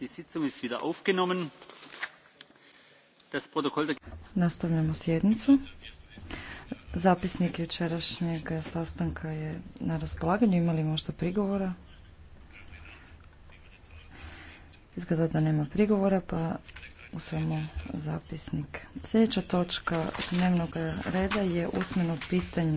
Die Sitzung ist wieder aufgenommen. Das Protokoll der Nastavljamo sjednicu. Zapisnik jučerašnjeg sastanka je na raspolaganju. Imali možda prigovora? Izgleda da nema prigovora, pa usvojimo zapisnik. Sljedeća točka dnevnog reda je usmeno pitanje